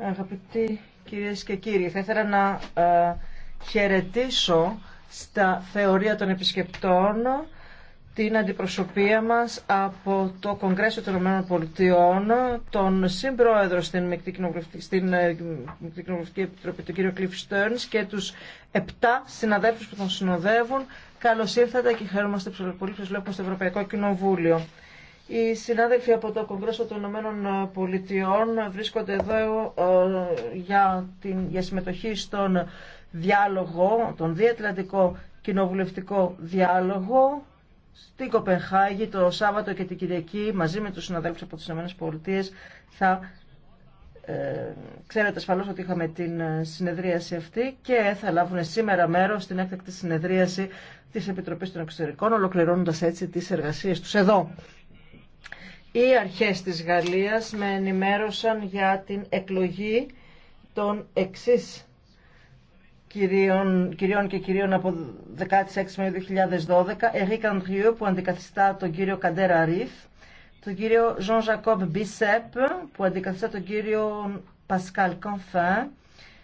Αγαπητοί κυρίες και κύριοι, θα ήθελα να ε, χαιρετήσω στα θεωρία των επισκεπτών την αντιπροσωπεία μας από το Κογκρέσιο των Ηνωμένων Πολιτειών, τον Συμπρόεδρο στην Μεκτή ε, Κοινοβουλευτική Επιτροπή, τον κύριο Κλειφ Στέρνς και τους επτά συναδέλφους που τον συνοδεύουν. Καλώς ήρθατε και χαίρομαστε πολύ που σας βλέπουμε στο Ευρωπαϊκό Κοινοβούλιο. Οι συνάδελφοι από το Κογκρέσο των Ηνωμένων Πολιτειών βρίσκονται εδώ ε, για, την, συμμετοχή στον διάλογο, τον διατλαντικό κοινοβουλευτικό διάλογο στην Κοπενχάγη το Σάββατο και την Κυριακή μαζί με τους συναδέλφους από τις ΗΠΑ θα ε, ξέρετε ασφαλώς ότι είχαμε την ε, συνεδρίαση αυτή και θα λάβουν σήμερα μέρος στην έκτακτη συνεδρίαση της Επιτροπής των Εξωτερικών ολοκληρώνοντας έτσι τις εργασίες τους εδώ. Οι αρχές της Γαλλίας με ενημέρωσαν για την εκλογή των εξής κυρίων, κυρίων και κυρίων από 16 Μαου 2012, Ερίκ Αντριού που αντικαθιστά τον κύριο Καντέρα Ρίφ, τον κύριο Ζων Ζακόμπ Μπισέπ που αντικαθιστά τον κύριο Πασκάλ Κομφέ,